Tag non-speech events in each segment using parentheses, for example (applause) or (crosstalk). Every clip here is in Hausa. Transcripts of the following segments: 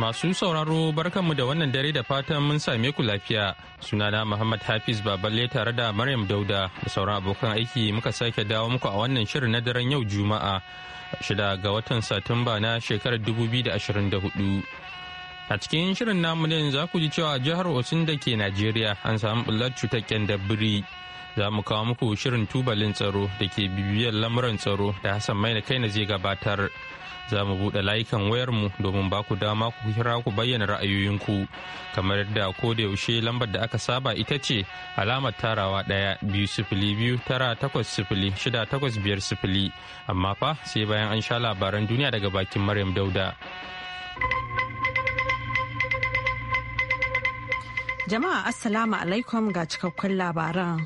Masu sauraro barkanmu da wannan dare da fatan mun same ku lafiya. Sunana Muhammad Hafiz Baballe tare da Maryam Dauda da sauran abokan aiki muka sake dawo muku a wannan shirin na daren yau Juma'a. Shida ga watan Satumba na shekarar 2024. A cikin shirin namu ne za ku ji cewa jihar Osun da ke Najeriya an samu bullar cutar biri Za mu kawo muku shirin tubalin tsaro da ke bibiyar lamuran tsaro da Hassan Maina kai na zai gabatar. za mu buɗe layukan wayarmu domin ba ku dama ku kira ku bayyana ra'ayoyinku kamar yadda ko da yaushe lambar da aka saba ita ce alamar tarawa ɗaya biyu sifili biyu tara takwas sifili shida takwas biyar sifili amma fa sai bayan an sha labaran duniya daga bakin maryam dauda. jama'a assalamu alaikum ga cikakkun labaran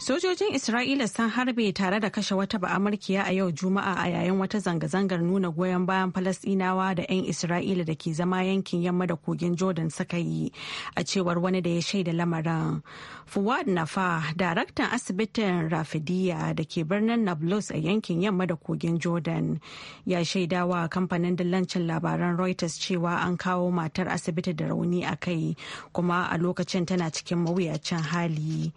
Sojojin Isra'ila sun harbe tare da kashe wata ba'amarkiya a yau Juma'a a yayin wata zanga-zangar nuna goyon bayan Falasɗinawa da 'yan Isra'ila da ke zama yankin yamma da kogin Jordan suka yi a cewar wani da ya shaida lamarin. Fuad Nafa, daraktan asibitin Rafidiya da ke birnin Nablus a yankin yamma da kogin Jordan, ya shaidawa kamfanin dillancin labaran Reuters cewa an kawo matar asibiti da rauni a kai kuma a lokacin tana cikin mawuyacin hali.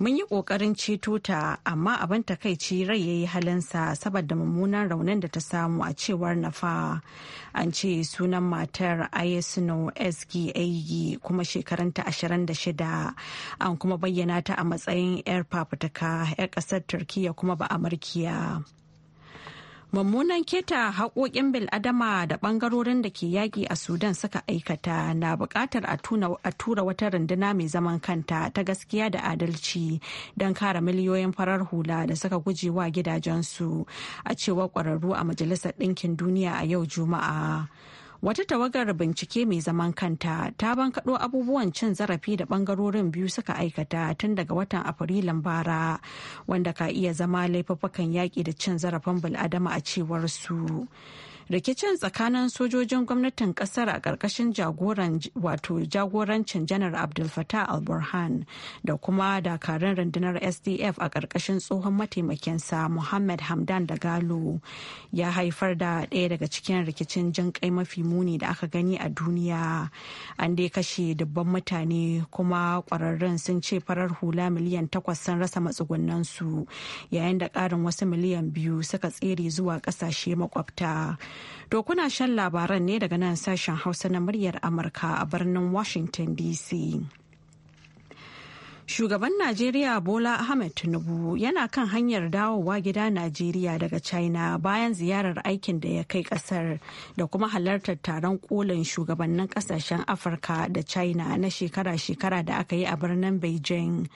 Mun yi ƙoƙarin ceto ta amma abin takaici rai ya yi halinsa saboda mummunan raunin da ta samu a cewar nafa. An ce sunan matar Ayesino SG kuma shekarunta 26. An kuma bayyana ta a matsayin 'yar fafutuka 'yar ƙasar turkiya kuma ba amurkiya mummunan keta haƙoƙin bil'adama da ɓangarorin da ke yaƙi a sudan suka aikata na buƙatar a tura wata runduna mai zaman kanta ta gaskiya da adalci don kare miliyoyin farar hula da suka guje wa gidajensu a cewar ƙwararru a majalisar ɗinkin duniya a yau juma'a Wata tawagar bincike mai zaman kanta ta bankaɗo abubuwan cin zarafi da ɓangarorin biyu suka aikata tun daga watan Afrilun bara wanda ka iya zama laifafakan yaƙi da cin zarafin bil'adama a cewar su. rikicin tsakanin sojojin gwamnatin kasar a ƙarƙashin jagorancin janar abdul fatah al-burhan da kuma dakarun rundunar sdf a ƙarƙashin tsohon mataimakinsa muhammad hamdan da galo ya haifar da ɗaya daga cikin rikicin jin kai mafi muni da aka gani a duniya an dai kashe dubban mutane kuma ƙwararrun sun ce farar hula miliyan takwas sun rasa matsugunansu yayin da ƙarin wasu miliyan biyu suka tsere zuwa ƙasashe makwabta To kuna shan labaran ne daga nan sashen Hausa na muryar Amurka a birnin Washington DC. Shugaban Najeriya Bola Ahmed Tinubu yana kan hanyar dawowa gida Najeriya daga China bayan ziyarar aikin da ya kai kasar da kuma halartar taron kolin shugabannin kasashen Afirka da China na shekara-shekara da aka yi a birnin Beijing.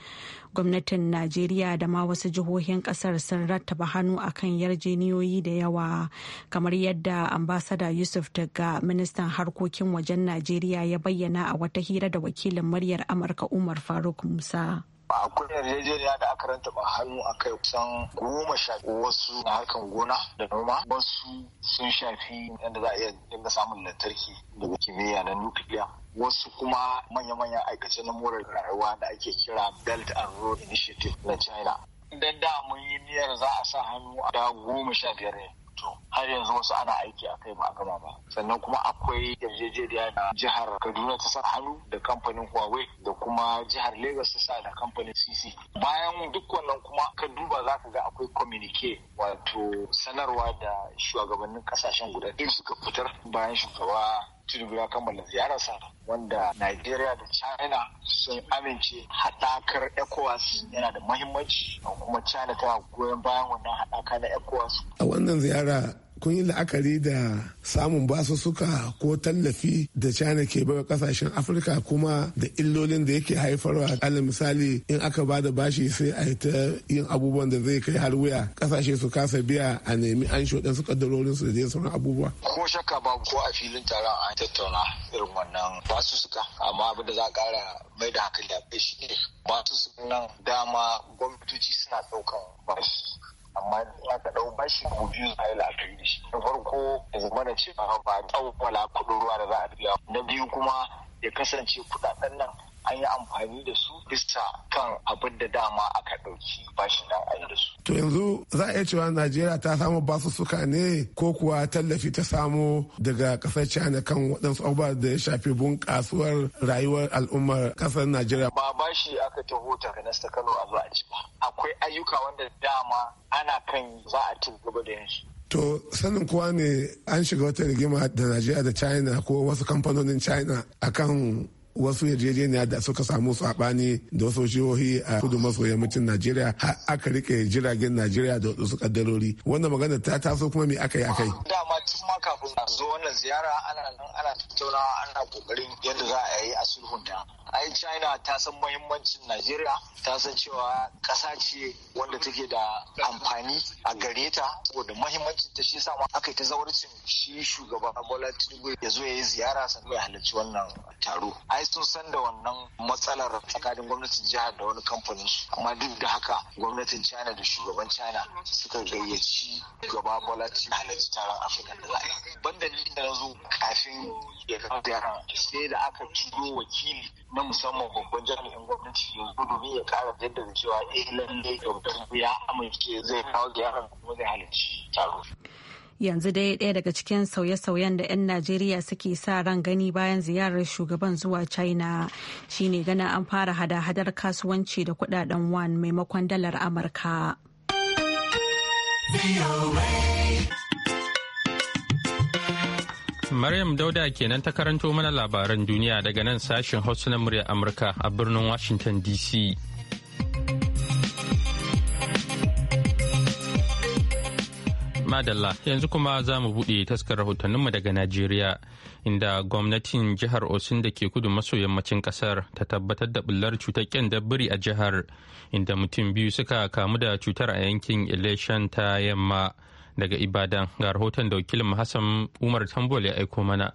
gwamnatin najeriya da ma wasu jihohin kasar sun rattaba hannu a kan yarjeniyoyi da yawa kamar yadda ambasada yusuf daga ministan harkokin wajen najeriya ya bayyana a wata hira da wakilin muryar amurka umar faruk musa akwai yarjejeniya da aka rantaba hannu a kai kusan goma sha wasu na harkar gona da noma wasu sun shafi yadda za a iya dinga samun lantarki daga kimiyya na nukiliya wasu kuma manya-manyan aikace na more rayuwa da ake kira belt and road initiative na china idan da mun yi niyyar za a sa hannu a da goma sha biyar ne to har yanzu wasu ana aiki a kai ba a gama ba sannan kuma akwai yarjejeniya na jihar kaduna ta sa hannu da kamfanin huawei da kuma jihar lagos ta sa da kamfanin cc bayan duk wannan kuma ka duba za ka ga akwai communique wato sanarwa da shugabannin kasashen guda ɗin suka fitar bayan shugaba Tinubu ya kammala ziyararsa wanda Najeriya da China sun amince haɗakar ECOWAS yana da muhimmanci kuma China ta goyon bayan wannan haɗaka na ECOWAS. A wannan ziyara kun yi la'akari da samun basussuka ko tallafi da china ke baiwa kasashen afirka kuma da illolin da yake haifarwa alal misali in aka ba da bashi sai a ta yin abubuwan da zai kai har wuya kasashe su kasa biya a nemi an shoɗin su kaddarorin su da dai sauran abubuwa ko shakka ba ko a filin taron an tattauna irin wannan basussuka amma abin da za a kara mai da hankali a shi ne basussukan nan dama gwamnatoci suna ɗaukan basu amma za ka ɗau bashi ko biyu za a yi da shi na farko ya zama na cewa ba tsawwala kuɗin ruwa da za a biya na biyu kuma ya kasance kuɗaɗen nan an yi amfani da su bisa kan abin da dama aka ɗauki bashi nan an da su. To yanzu za a iya cewa Najeriya ta samu suka ne ko kuwa tallafi ta samu daga ƙasar China kan waɗansu abubuwa da ya shafi bunƙasuwar rayuwar al'ummar ƙasar Najeriya. Ba bashi aka taho daga Nasta Kano a zuwa ci ba. Akwai ayyuka wanda dama ana kan za a ci gaba da yansu. To sanin kuwa ne an shiga wata rigima da Najeriya da China ko wasu kamfanonin China akan wasu yarjejeniya da suka samu sabani da wasu jihohi a kudu maso yammacin najeriya har aka rike jiragen najeriya da wasu kaddarori wannan magana ta taso kuma mai aka yi akai dama tun ma kafin a zo wannan ziyara ana nan ana tattaunawa ana kokarin yadda za a yi a sulhunta ai china ta san muhimmancin najeriya ta san cewa kasa ce wanda take da amfani a gare ta saboda muhimmancin ta shi sa ma aka yi ta zawarcin shi shugaba bola tinubu ya zo ya yi ziyara sannan ya halarci wannan taro sun san da wannan matsalar tsakanin gwamnatin jihar da wani kamfanin amma duk da haka gwamnatin china da shugaban china suka gayyaci gaba bola halarci taron afirka da za banda ni da zo kafin ya kafa yaran sai da aka turo wakili na musamman babban jami'in gwamnati yanzu domin ya kara jaddada cewa eh lallai gwamnati ya amince zai kawo yaran kuma zai halarci taro yanzu dai daya daga cikin sauye-sauyen da 'yan najeriya suke sa ran gani bayan ziyarar shugaban zuwa china shine ganin an fara hada-hadar kasuwanci da kudaden wan maimakon dalar amurka maryam dauda kenan ta karanto mana labaran duniya daga nan sashen hausa na murya amurka a birnin washington dc Madalla yanzu kuma za mu buɗe taskar rahotanninmu daga Najeriya inda gwamnatin jihar Osun da ke kudu maso yammacin ƙasar ta tabbatar da bullar cutar biri a jihar inda mutum biyu suka kamu da cutar a yankin Ileshan ta yamma daga Ibadan ga rahoton da wakilin Hassan Umar Tambol ya aiko mana.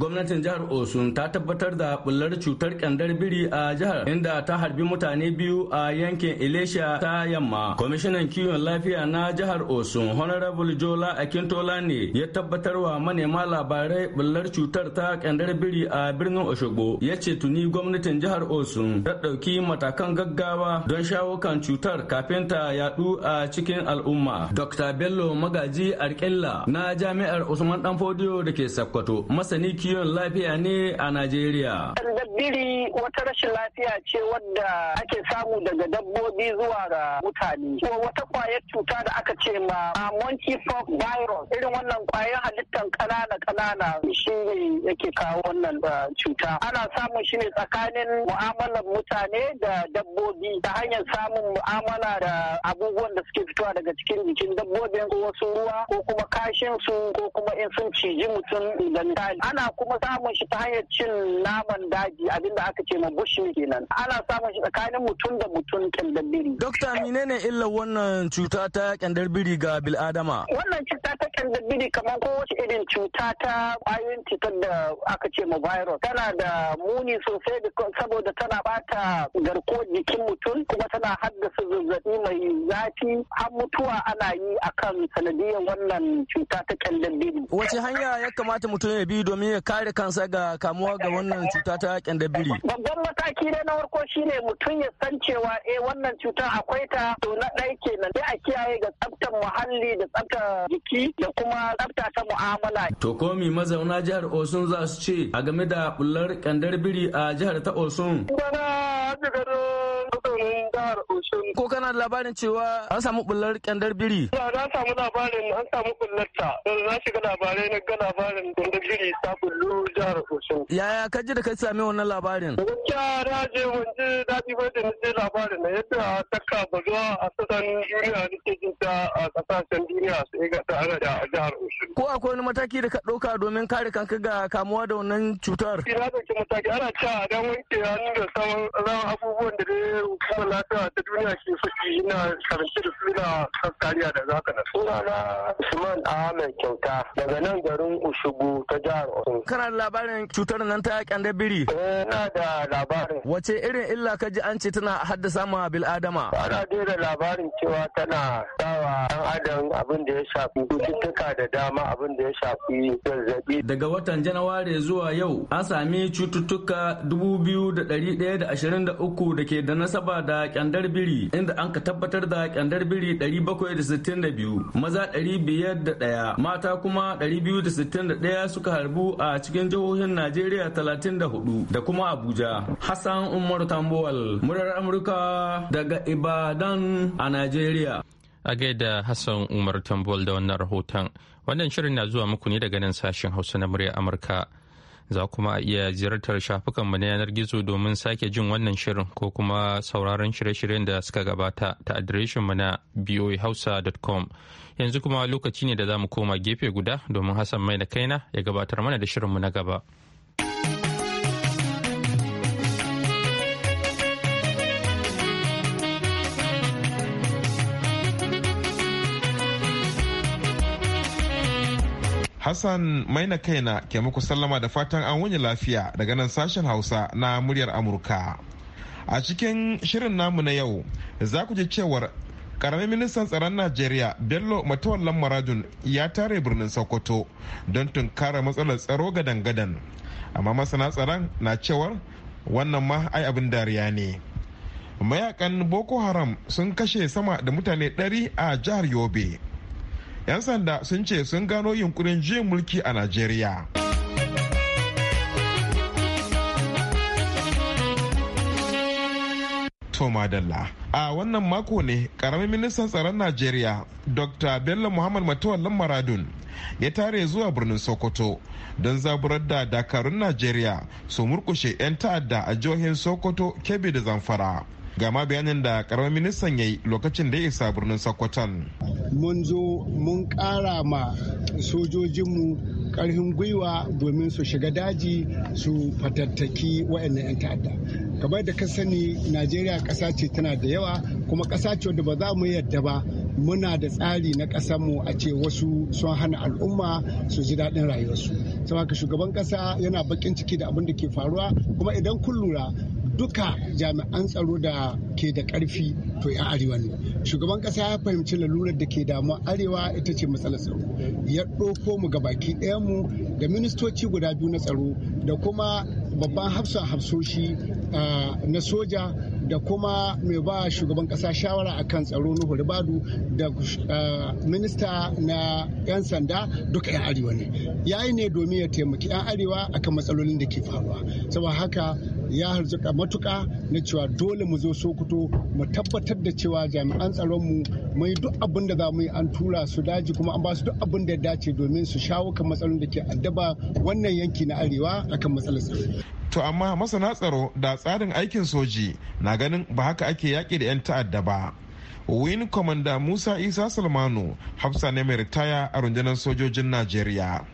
gwamnatin jihar osun ta tabbatar da bullar cutar ƙyandar biri a jihar inda ta harbi mutane biyu a yankin ilesha ta yamma kwamishinan kiwon lafiya na jihar osun honorable jola akintola ne ya tabbatar wa manema labarai bullar cutar ta kyandar biri a birnin oshogbo ya ce tuni gwamnatin jihar osun ta ɗauki matakan gaggawa don shawo kan cutar kafin ta yadu a cikin al'umma dr bello magaji arkella na jami'ar usman danfodiyo da ke sakkwato masani kiwon lafiya ne a Najeriya. Dabbiri wata rashin lafiya ce wadda ake samu daga dabbobi zuwa ga mutane. Ko wata kwayar cuta da aka ce ma monkeypox virus irin wannan kwayar halittar kanana kanana shi ne yake kawo wannan uh, cuta. Ana samun shi ne tsakanin mu'amalar mutane da dabbobi ta hanyar samun mu'amala da abubuwan da suke fitowa daga cikin jikin dabbobin ko wasu ruwa ko kuma kashin su ko kuma in sun ciji mutum idan Ana kuma samun shi ta hanyar cin naman daji abinda aka ce ma bushi kenan ana samun shi tsakanin mutum da mutum kyandar biri. dokta menene illar wannan cuta ta kyandar biri ga bil'adama. wannan cuta ta kyandar biri kamar kowace irin cuta ta kwayoyin cutar da aka ce ma virus tana da muni sosai saboda tana bata garkuwar jikin mutum kuma tana haddasa zazzabi mai zafi har mutuwa ana yi akan sanadiyar wannan cuta ta kyandar biri. wace hanya ya kamata mutum ya bi domin ya kare kansa ga kamuwa ga wannan cuta ta kyandabiri? Babban mataki ne na farko shine mutum ya san cewa eh wannan cutar akwai ta to na ɗaya kenan sai a kiyaye ga tsaftar muhalli da tsaftar jiki da kuma tsafta ta mu'amala. To komi mazauna jihar Osun za su ce a game da bullar kyandar biri a jihar ta Osun. Osun. Ko kana da labarin cewa an samu bullar kyandar biri? Na samu labarin an samu bullar ta. Na shiga labarai na ga labarin kyandar biri ta kullu jihar Sosin. Yaya ka ji da ka sami wannan labarin? Gaskiya na je wance daɗi ba da nace labarin na yadda ta kaba zuwa a sassan duniya nake jin ta a kasashen duniya sai ga ta da jihar Sosin. Ko akwai wani mataki da ka ɗauka domin kare kanka ga kamuwa da wannan cutar? Ina ɗauki mataki ana cewa dan wanke hannu da sauran abubuwan da dai hukumar lafiya ta duniya ke saki ina karance da su na kariya da zaka na. Sunana Usman Ahmed Kyauta daga nan garin Ushugu ta jihar Osun. Kana da labarin cutar nan ta da biri? Eh, ina da labarin. Wace irin illa ka ji an ce tana haddasa ma bil adama? Ana dai da labarin cewa tana dawa ɗan adam abin da ya shafi cututtuka da dama abin da ya shafi zazzabi. Daga watan Janawari zuwa yau an sami cututtuka dubu biyu da ɗari ɗaya da ashirin da uku da ke da nasaba da kyandar biri inda an ka tabbatar da kyandar biri ɗari bakwai da sittin da biyu maza ɗari biyar da ɗaya mata kuma ɗari biyu da sittin da ɗaya suka harbu a a cikin jihohin Najeriya 34 da kuma Abuja. Hassan Umar Tambuwal, murar Amurka daga Ibadan a Najeriya. A gaida Hassan Umar Tambuwal da wannan rahoton. Wannan shirin na zuwa muku ne daga nan sashen Hausa na murya Amurka. Za kuma a iya ziyartar shafukanmu na yanar gizo domin sake jin wannan shirin ko kuma sauraron shirye-shiryen da suka gabata ta adireshinmu na boahausa.com. yanzu kuma lokaci ne da za mu koma gefe guda domin hassan mai da kaina ya gabatar mana da shirinmu na gaba Hassan mai maina kaina ke muku sallama da fatan an wuni lafiya daga nan sashen Hausa na muryar Amurka. A cikin shirin namu na yau, za ku ji cewar karamin ministan tsaron najeriya bello matawan maradun ya tare birnin sokoto don tunkara matsalar tsaro gadan-gadan amma masana tsaron na cewar wannan ma ai abin dariya ne mayakan boko haram sun kashe sama da mutane 100 a jihar yobe 'yan sanda sun ce sun gano yunkurin juyin mulki a najeriya Toma Dalla. a wannan mako ne karamin ministan tsaron najeriya dr bello muhammad matawallan maradun ya tare zuwa birnin sokoto don zaburar da dakarun najeriya su murkushe 'yan ta'adda a jihohin sokoto kebbi da zamfara ga ma bayanin da karamin ministan ya yi lokacin da ya isa birnin sokoton mun zo mun kara ma sojojinmu karhin gwiwa domin su shiga daji su fatattaki wa'annan 'yan ta'adda kamar da ka sani najeriya ƙasa ce tana da yawa kuma ƙasa ce wadda ba za mu yadda ba muna da tsari na mu a ce wasu sun hana al'umma su ji daɗin rayuwarsu saboda shugaban ƙasa yana bakin ciki da abin da ke faruwa kuma idan kun lura duka jami'an tsaro da ke da karfi to 'yan arewa ne shugaban kasa ya fahimci lalurar da ke damu arewa ita ce matsalar tsaro ya ɗauko mu ga baki mu da ministoci guda biyu na tsaro da kuma babban hafsan hafsoshi ah, na soja da kuma mai ba shugaban kasa shawara akan tsaro nuhu ribadu da eh, minista na 'yan sanda duka 'yan arewa ne yayi ne domin ya taimaki 'yan arewa akan matsalolin da ke faruwa saboda haka ya harzuka matuka na cewa dole mu zo sokoto mu tabbatar da cewa jami'an tsaronmu mai duk abin da za mu yi an tura su daji kuma an ba su duk abin da ya dace domin su shawo kan matsalolin da ke addaba wannan yanki na arewa akan matsalar tsaro to amma masana tsaro da tsarin aikin soji na ganin ba haka ake yaƙi da 'yan ta'adda ba win commander musa isa salmanu hafsa ne mai ritaya a rundunar sojojin najeriya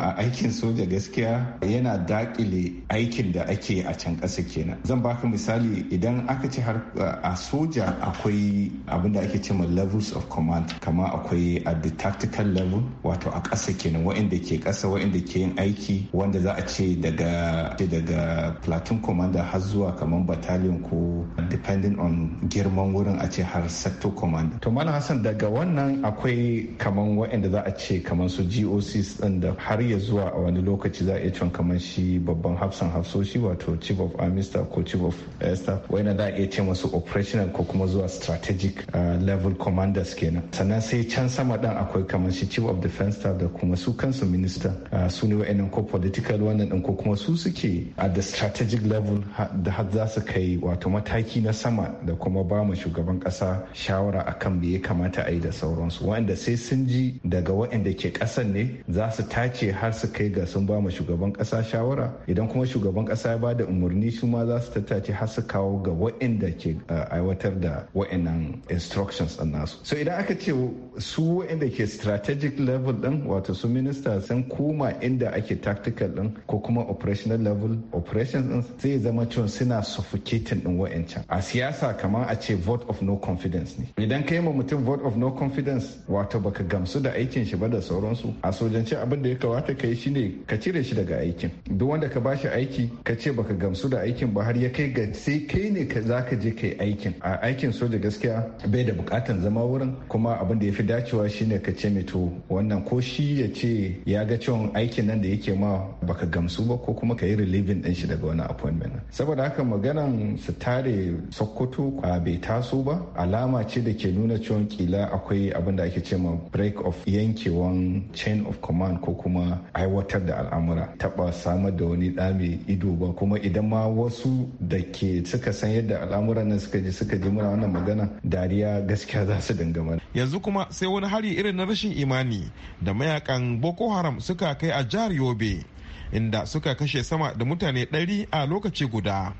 a aikin soja gaskiya yana dakile aikin da ake a can ƙasa kenan zan baka misali idan aka ce har a soja akwai abin da ake ce levels of command kama akwai at the tactical level wato a ƙasa kenan wa'inda ke ƙasa wa'inda ke yin aiki wanda za a ce daga daga platoon commander har zuwa kamar battalion ko depending on girman wurin a ce har sector commander to malam hassan daga wannan akwai kamar wa'inda za a ce kamar su gocs din da har ya zuwa a wani lokaci za a iya cin kamar shi babban hafsan hafsoshi wato chief of army staff ko chief of air staff na za a iya ce masu operational ko kuma zuwa strategic ah, level commanders kenan sannan sai can sama dan akwai kamar shi chief of defense staff da kuma su kansu minister ah, su ne wa'annan ko political wannan din ko kuma su suke a the strategic level da har za su kai wato mataki na sama da kuma ba mu shugaban kasa shawara akan me ya kamata a yi da sauransu wanda sai sun ji daga waɗanda ke kasan ne za su tace har su kai ga sun ba ma shugaban kasa shawara idan kuma shugaban kasa ya ba da umarni su ma za su tattace har su kawo ga waɗanda ke eh, aiwatar da waɗannan instructions ɗin nasu so idan aka ce su waɗanda ke strategic level ɗin wato su minista sun koma inda ake tactical ɗin ko kuma operational level operations ɗin zai zama cewa suna suffocating din waɗancan a siyasa kamar a ce vote of no confidence ne idan ka yi ma mutum vote of no confidence wato baka gamsu da aikin shi ba da sauransu a sojance abin da ya kawo kamata ka yi ne ka cire shi daga aikin duk wanda ka bashi aiki ka ce baka gamsu da aikin ba har ya kai ga sai kai ne ka za ka je kai aikin a aikin soja gaskiya bai da bukatan zama wurin kuma abin da ya fi dacewa shine ka ce mai to wannan ko shi ya ce ya ga cewa aikin nan da yake ma baka gamsu ba ko kuma ka yi relieving din shi daga wani appointment saboda haka maganan su tare sokoto a bai taso ba alama ce da ke nuna cewa kila akwai abin da ake ce ma break of yankewan chain of command ko kuma aiwatar da al'amura taɓa samar da wani ɗa mai ido ba kuma idan ma wasu da ke suka san yadda al'amuran nan suka ji suka ji muna wannan magana dariya gaskiya za su mana. yanzu kuma sai wani hari irin na rashin imani da mayakan boko haram suka kai a jihar yobe inda suka kashe sama da mutane ɗari a lokaci guda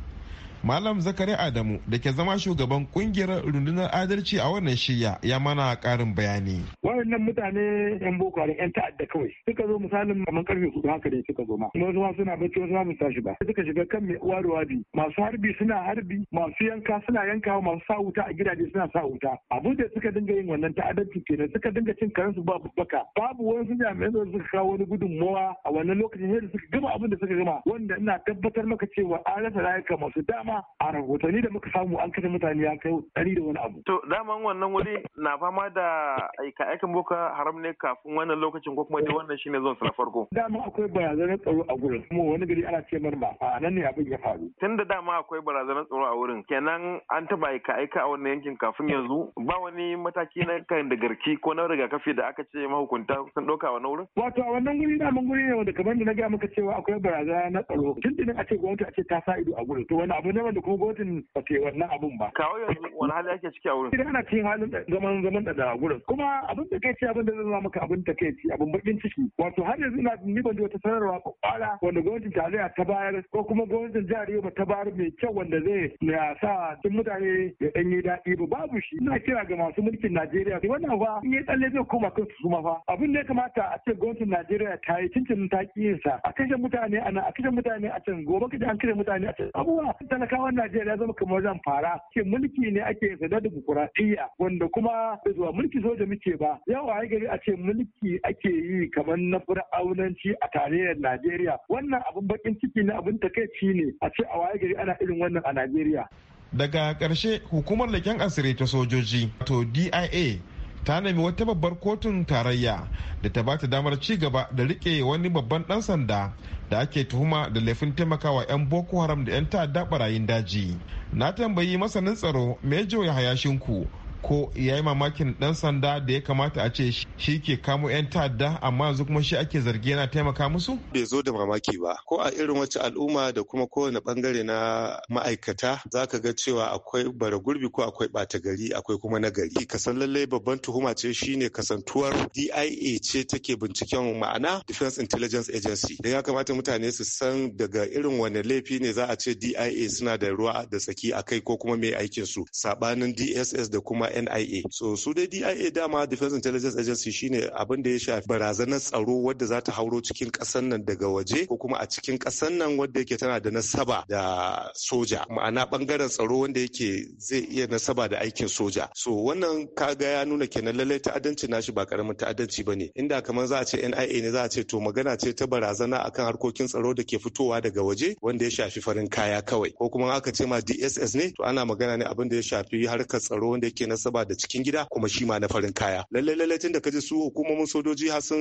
Malam Zakari Adamu da ke zama shugaban kungiyar rundunar adalci a wannan shirya ya mana karin bayani. Wannan mutane yan boko da yan ta'adda kawai suka zo misalin kamar karfe hudu haka ne suka zo ma. Wasu suna bacci wasu ma ba tashi ba. Suka shiga kan mai uwa da wabi. Masu harbi suna harbi, masu yanka suna yanka, masu sa wuta a gidaje suna sa wuta. Abu da suka dinga yin wannan ta'addanci kenan suka dinga cin karensu babu baka. Babu wasu jami'an da suka kawo wani gudunmawa a wannan lokacin ne suka gama abin da suka gama wanda ina tabbatar maka cewa an rasa rayuka masu dama kasa a rahotanni da muka samu an kashe mutane ya kai ɗari da wani abu. To daman wannan wuri na fama da aika-aikan boko haram ne kafin wannan lokacin ko kuma dai wannan shine zon na farko. Dama akwai barazanar tsaro a gurin kuma wani gari ana ce marma a nan ne abin ya faru. Tun da dama akwai barazanar tsaro a wurin kenan an taɓa aika-aika a wannan yankin kafin yanzu ba wani mataki na kan da garki ko na rigakafi da aka ce mahukunta sun ɗauka a wannan wurin. Wato a wannan guri daman guri ne wanda kamar da na gaya maka cewa akwai barazana na tsaro tun da a ce gwamnati a ce ta sa ido a gurin to wani abu zama da kogotin gwamnatin wannan abun ba. Kawo yanzu wani hali ake ciki a wurin. Idan ana cikin halin zaman zaman da gurin. Kuma abin da kai ci abin da zama maka abin da kai ci abin bakin ciki. Wato har yanzu ina ni ban ji wata sanarwa ko kwala wanda gwamnatin tarayya ta bayar ko kuma gwamnatin jihar Yoruba ta bayar mai kyau wanda zai ya sa duk mutane ya ɗan yi daɗi ba babu shi. Ina kira ga masu mulkin Najeriya. Wannan ba in yi tsalle zai koma kan su ma fa. Abin da ya kamata a ce gwamnatin Najeriya ta yi cincin ta ƙi a kashe mutane a nan a kashe mutane a can gobe kaje an kashe mutane a can abubuwa talakawan Najeriya zama kamar wajen fara ke mulki ne ake yin da dimokuraɗiyya wanda kuma da zuwa mulki soja muke ba yawa ai gari a ce mulki ake yi kamar na fir'aunanci a tarayyar Najeriya wannan abin bakin ciki ne abun takaici ne a ce a waye gari ana irin wannan a Najeriya daga karshe hukumar leken asiri ta sojoji to DIA ta nemi wata babbar kotun tarayya da ta ba ta damar ci gaba da rike wani babban dan sanda da ake tuhuma da laifin taimakawa 'yan boko haram da 'yan ta'adda barayin daji na tambayi masanin tsaro mejo ya hayashinku ko ya yi mamakin dan sanda da ya kamata a ce shi ke kamo 'yan ta'adda amma yanzu kuma shi ake zargi yana taimaka musu? Bai zo da mamaki ba. Ko a irin wacce al'umma da kuma kowane bangare na ma'aikata za ka ga cewa akwai bara gurbi ko akwai bata gari akwai kuma na gari. Kasan lallai babban tuhuma ce shine kasantuwar DIA ce take binciken ma'ana Defense Intelligence Agency. Da ya kamata mutane su san daga irin wani laifi ne za a ce DIA suna da ruwa da tsaki a kai ko kuma mai aikinsu, su. DSS da kuma NIA. So su dai DIA dama Defense Intelligence Agency shine abin da ya shafi barazanar tsaro wadda za ta hauro cikin ƙasar nan daga waje ko kuma a cikin ƙasar nan wadda yake tana da nasaba da soja ma'ana bangaren tsaro wanda yake zai iya nasaba da aikin soja. So wannan kaga ya nuna kenan lallai ta'addanci nashi ba karamin ta'addanci bane inda kamar za a ce NIA ne za a ce to magana ce ta barazana akan harkokin tsaro da ke fitowa daga waje wanda ya shafi farin kaya kawai ko kuma aka ce ma DSS ne to ana magana ne abin da ya shafi harkar tsaro wanda yake na nasaba da cikin gida kuma shi ma na farin kaya lalle lalle tun da kaji su hukumomin sojoji har sun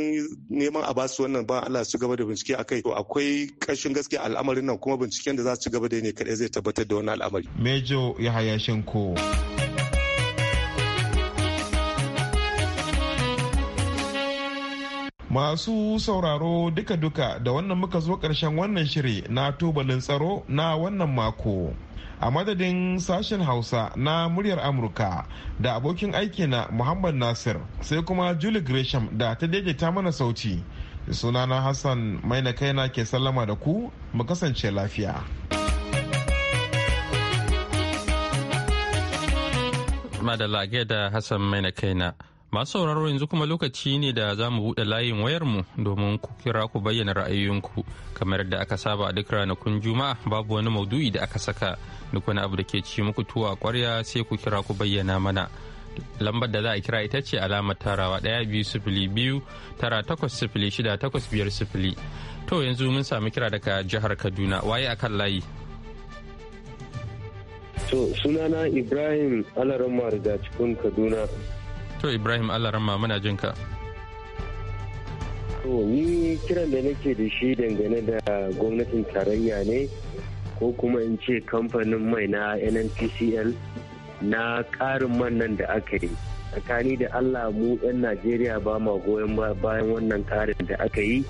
neman a basu wannan ba Allah su gaba da bincike akai to akwai ƙarshen gaskiya al'amarin nan kuma binciken da za su gaba da ne kadai zai tabbatar da wannan al'amari mejo yahaya shinko Masu sauraro duka-duka da wannan muka zo ƙarshen wannan shiri na tubalin tsaro na wannan mako. a madadin sashen hausa na muryar amurka da abokin aiki na muhammad nasir sai kuma julie gresham da ta daidaita mana sauti sunana hassan mai na kaina ke sallama da ku mu kasance lafiya madalla da hassan mai na kaina Masu sauraro yanzu kuma lokaci ne da za mu buɗe layin wayar mu domin ku kira ku bayyana ra'ayoyinku kamar yadda aka saba a duk ranakun Juma'a babu wani maudu'i da aka saka duk wani abu da ke ci muku tuwa kwarya sai ku kira ku bayyana mana. Lambar da za a kira ita ce alamar tarawa ɗaya biyu sifili biyu tara takwas sifili shida takwas biyar sifili. To yanzu mun sami kira daga jihar Kaduna waye a kan layi. sunana Ibrahim Alarama daga cikin Kaduna. to ibrahim allah ramma muna jin ka to ni kiran da nake da shi dangane da gwamnatin tarayya ne ko kuma in ce kamfanin mai na nnpcl na ƙarin man nan da aka yi tsakani da allah mu 'yan najeriya ba ma goyon bayan wannan karin da aka yi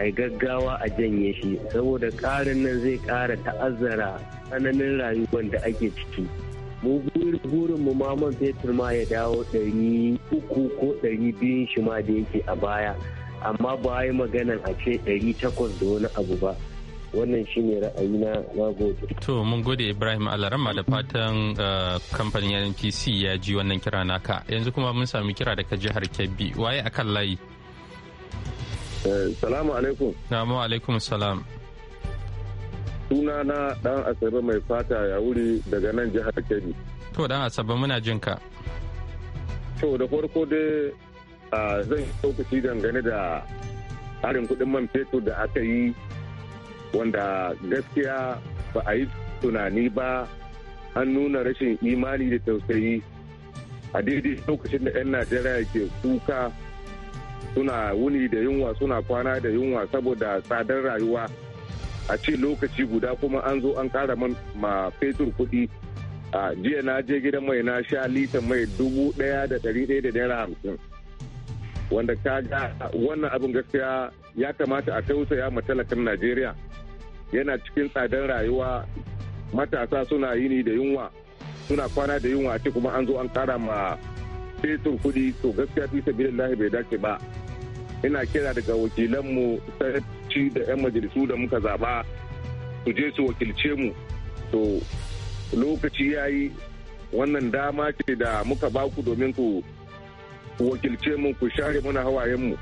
a gaggawa a janye shi saboda ƙarin nan zai ƙara ta'azzara tsananin rayuwar da ake ciki mu burin mu man fetur ma ya dawo ɗari uku ko ɗari biyun shi ma da yake a baya amma ba yi maganan a ce ɗari takwas da wani abu ba wannan shi ne ra'ayi na gode. to mun gode ibrahim alarama da fatan uh, kamfanin npc ya ji wannan kira naka yanzu kuma mun sami kira daga jihar kebbi waye akan layi eh, salamu alaikum salamu alaikum salam suna na dan asabe mai fata ya wuri daga nan jihar kebbi to dan asabe muna jin ka to da farko dai zan lokaci dangane da tsarin kudin man fetur da aka yi wanda gaskiya ba a yi tunani ba an nuna rashin imani da tausayi a daidai lokacin da 'yan najeriya ke kuka suna wuni da yunwa suna kwana da yunwa saboda tsadar rayuwa a ce lokaci guda kuma an zo an kara man ma fetur kuɗi a jiya na je gidan mai na sha litan mai dubu ɗaya da ɗari ɗaya da naira hamsin wanda ka ga wannan abin gaskiya ya kamata a tausaya ma talakan najeriya yana cikin tsadar rayuwa matasa suna yini da yunwa suna kwana da yunwa ce kuma an zo an kara ma fetur kuɗi to gaskiya fi sabilillahi bai dace ba ina kira daga wakilanmu gwamnatoci da 'yan majalisu da muka zaɓa su je su wakilce mu to lokaci ya yi wannan dama ce da muka baku domin ku wakilce mu ku share mana hawayenmu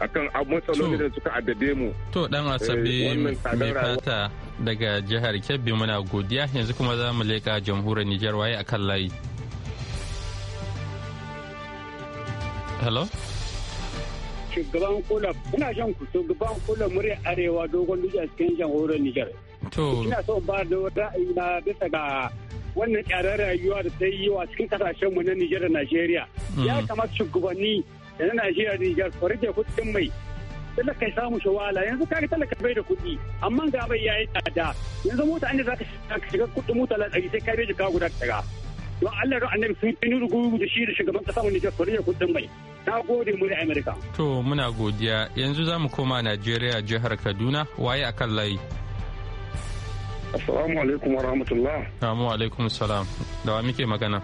akan matsalolin da suka addabe mu. To dan asabi eh, mai fata daga jihar Kebbi muna godiya yanzu kuma za mu leƙa jamhuriyar Nijar waye akan layi. Hello? shugaban kula ina shan ku shugaban kula murya arewa dogon duka cikin jamhuriyar Nijar. To. Ina so ba da ra'ayi na bisa ga wannan tsarar rayuwa da ta yi wa cikin kasashen mu na Nijar da Najeriya. Hmm. Ya kamata shugabanni da na Najeriya da Nijar su rage kuɗin mai. Talaka ya samu shawala yanzu kaga talaka bai da kuɗi amma ga bai yayi tsada yanzu mota an da zaka shiga kuɗin mota la tsari sai ka bai jika guda shiga. Don Allah ro annabi sun yi rugu da shi da shugaban kasa mu Nijar su rage kuɗin mai. Na gode mu da Amerika. To muna godiya yanzu za mu koma Najeriya jihar Kaduna waye a kan layi. Assalamu alaikum wa rahmatullah. Assalamu alaikum salam. Da wa muke magana?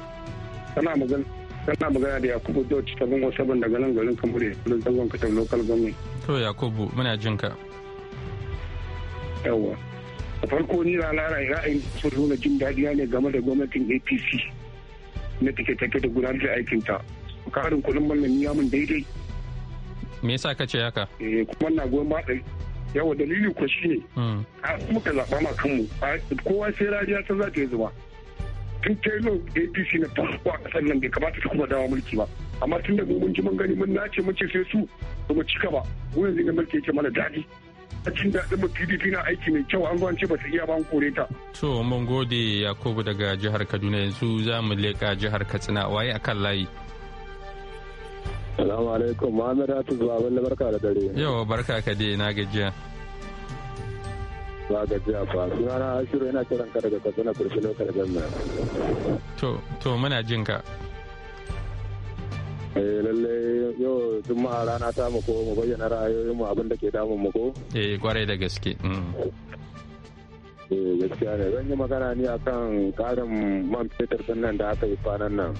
Kana magana kana magana da Yakubu George ta bin wasaban daga nan garin Kamure don zangon katar local government. To Yakubu muna jin ka. Yawwa. A farko ni rana ra'ayin sun nuna jin dadiya ne game da gwamnatin APC na take take da gudanar da aikinta. ta. karin kuɗin mallam ya mun daidai me yasa ka ce haka eh kuma na goyon ba yawa dalili ko shine hmm. a muka zaɓa ma kanmu kowa sai rajiya ta za ta yi zuba tun taylor apc na farko a ƙasar nan bai kamata ta kuma dawa mulki ba amma tun da mu mun ji mun gani mun nace mun ce sai su ba mu cika ba mu yanzu ga mulki yake mana daɗi a cikin daɗin mu pdp na aiki mai kyau an zo ba ta iya ba an kore ta. to mun gode yakubu daga jihar kaduna yanzu za mu leƙa jihar katsina waye akan layi. Salamu alaikum, Muhammad Hafiz Baban na barka da dare. Yau barka ka dai na gajiya. Ba gajiya fa, na Ashiru yana kiran ka daga Katsina Kurfi Lokar Gamma. To, to muna jin ka. Eh lalle yau juma'a rana ta mu ko mu bayyana ra'ayoyinmu abin da ke damun mu ko? Eh kwarai da gaske. Mm. Eh gaskiya ne zan yi magana ne akan karin man fetur sannan da aka yi kwanan nan.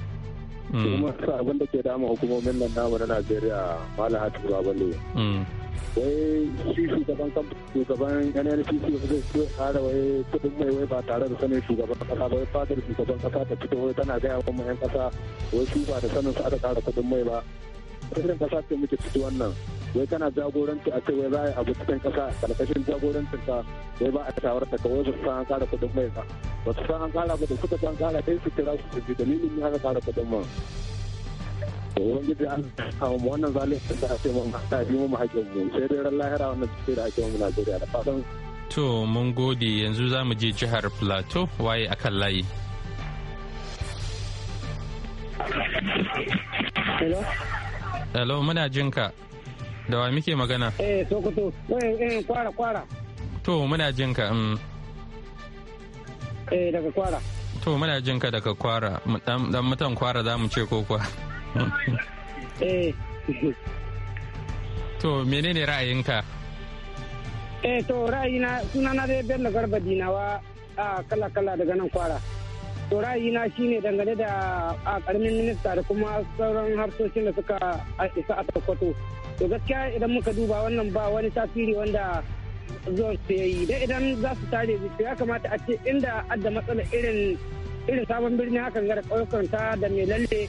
Mm. kuma abin da ke dama hukumomin nan namu na najeriya malam hatu babalo mm. wai shi shugaban shugaban nnpc zai ce kara wai kudin mai wai ba tare da sanin shugaban kasa ba wai fadar shugaban kasa ta fito wai tana gaya wa yan kasa wai shi ba da sanin su aka kara kudin mai ba Kudin kasa ce muke fito wannan wai tana jagoranci a cewa za a yi abu cikin ƙasa karkashin jagorancin ta wai ba a tawar ta ka wasu san an kara kuɗin mai ba ba su san an kara ba da suka san kara kai su kira su ji dalilin ya ka kara kuɗin man. gidi an kawo mu wannan zalunci da a ce mun ta bi mu haƙƙin mu sai dai ran lahira wannan suke da ake mu Najeriya da fatan. To mun gode yanzu za mu je jihar Plateau waye akan layi. Hello? Hello muna jinka. ka. da wa muke magana eh sokoto eh eh kwara kwara to muna jin ka mm. eh daga kwara to muna jin ka daga kwara dan mutan kwara za mu ce ko kwa (laughs) eh to menene ra'ayinka eh to ra'ayina na dai bello garba dinawa a kala kala daga nan kwara to ra'ayina shine dangane da a karamin minista da kuma sauran harsoshin da suka isa a takwato to gaskiya idan muka duba wannan ba wani tasiri wanda zuwan su yi dan idan za su tare su ya kamata a ce inda adda matsala irin irin sabon birni hakan gara ƙauyukan ta da mai lalle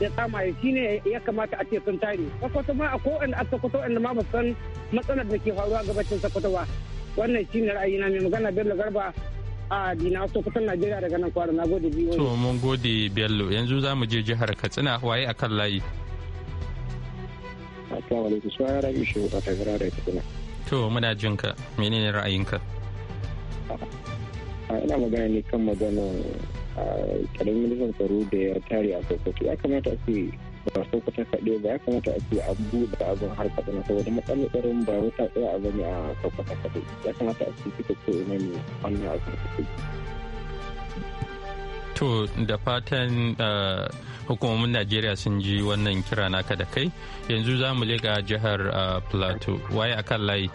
da tsamaye shi ne ya kamata a ce sun tare sakwato ma a kowane a sakwato inda ma san matsalar da ke faruwa gabacin sakwato ba wannan shi ne ra'ayina mai magana bello garba a dina sokoton najeriya daga nan kwara na gode biyu to mun gode bello yanzu za mu je jihar katsina waye akan layi assalamu alaikum suna rabi shi a tagara da ita to muna jin ka menene ra'ayinka a ina magana ne kan magana a karamin ministan tsaro da ya tare a sokoto ya kamata a ce ba sokoto kaɗe ba ya kamata a ce an buɗe abin har na saboda matsalar tsaron ba wata tsaya a bane a sokoto kaɗe ya kamata a ce fita ko ina ne wannan a sokoto. to da fatan hukumomin najeriya sun ji wannan kira naka da kai yanzu za mu leƙa jihar uh, plateau waye akan layi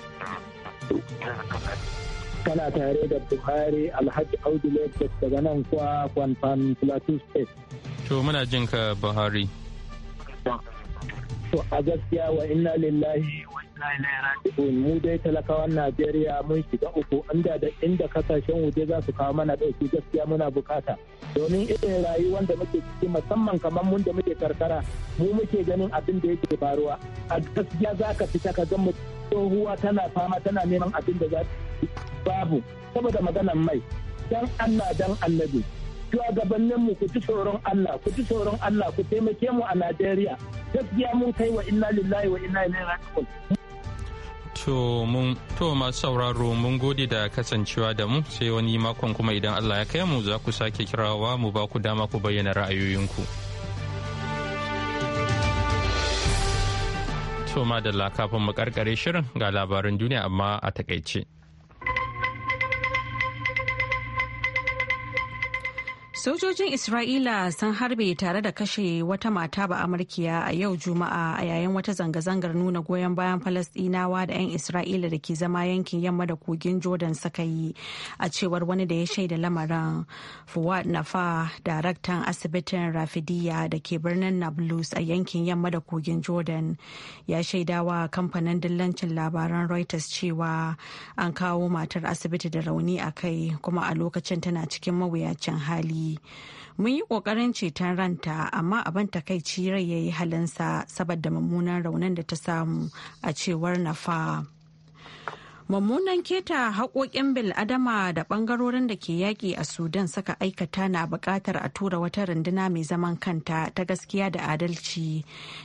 kana tare da buhari alhaji audu lagos daga nan kuwa kwanfan plateau state to muna jinka buhari To a gaskiya wa inna lillahi wa inna ilaihi mu dai talakawan Najeriya mun shiga uku inda da inda kasashen waje za su kawo mana dauki gaskiya muna bukata domin irin rayuwar da muke ciki musamman kamar mun da muke karkara mu muke ganin abin da yake faruwa a gaskiya za ka fita ka ga mu tsohuwa tana fama tana neman abin da za babu saboda maganar mai dan Allah dan annabi shugabanninmu ku ci tsoron Allah ku ci tsoron Allah ku taimake mu a Najeriya gaskiya mun kai wa inna lillahi wa inna ilaihi raji'un To mun to masu sauraro mun gode da kasancewa da mu sai wani makon kuma idan Allah ya kai mu za ku sake kirawa mu ba ku dama ku bayyana ra'ayoyinku. To da kafin mu karkare shirin ga labaran duniya amma a takaice. Sojojin Isra'ila sun harbe tare da kashe wata mata ba Amurkiya a yau Juma'a a yayin wata zanga-zangar nuna goyon bayan Falasɗinawa da 'yan Isra'ila da ke zama yankin yamma da kogin Jordan suka yi a cewar wani da ya shaida lamarin Fuad Nafa, daraktan asibitin Rafidiya da ke birnin Nablus a yankin yamma da kogin Jordan, ya shaida wa kamfanin dillancin labaran Reuters cewa an kawo matar asibiti da rauni a kai kuma a lokacin tana cikin mawuyacin hali. mun yi kokarin ceton ranta amma abin takaici rai ya yi halinsa saboda mummunan raunin da ta samu a cewar nafa mummunan keta haƙoƙin bil'adama da ɓangarorin da ke yaƙi a sudan suka aikata na buƙatar a tura wata runduna mai zaman kanta ta gaskiya da adalci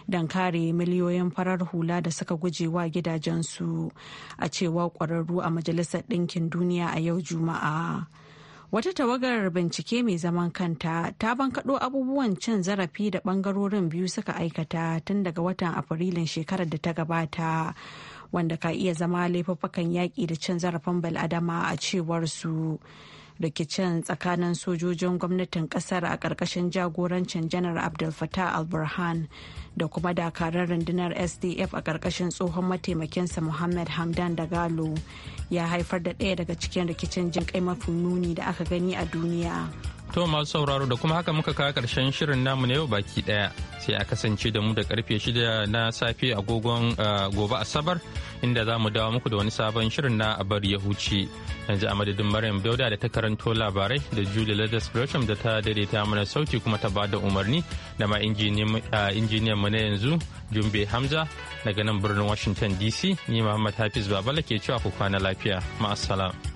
don kare miliyoyin farar hula da suka guje wa gidajensu a cewa ƙwararru a majalisar ɗinkin duniya a yau juma'a. wata tawagar bincike mai zaman kanta ta bankaɗo abubuwan cin zarafi da ɓangarorin biyu suka aikata tun daga watan afrilun shekarar da ta gabata wanda ka iya zama laifuffukan yaƙi da cin zarafin bal'adama a cewar su. rikicin tsakanin sojojin gwamnatin kasar a ƙarƙashin jagorancin janar abdul fatah al-burhan da kuma dakarar rundunar sdf a ƙarƙashin tsohon mataimakinsa muhammad hamdan da galo ya haifar da ɗaya daga cikin rikicin jin kai mafi nuni da aka gani a duniya. To masu sauraro da kuma haka muka kawo karshen shirin namu na yau baki daya sai a kasance da mu da karfe shida na safe agogon eh, gobe asabar inda za mu dawo muku da wani sabon shirin na abar ya huce yanzu a madadin maryam dauda da ta karanto labarai da julie ladas gresham da ta daidaita mana sauti kuma ta bada umarni da ma eh, injiniyan mu na yanzu jumbe hamza daga nan birnin washington dc ni muhammad hafiz babala ke cewa ku kwana lafiya ma'asala.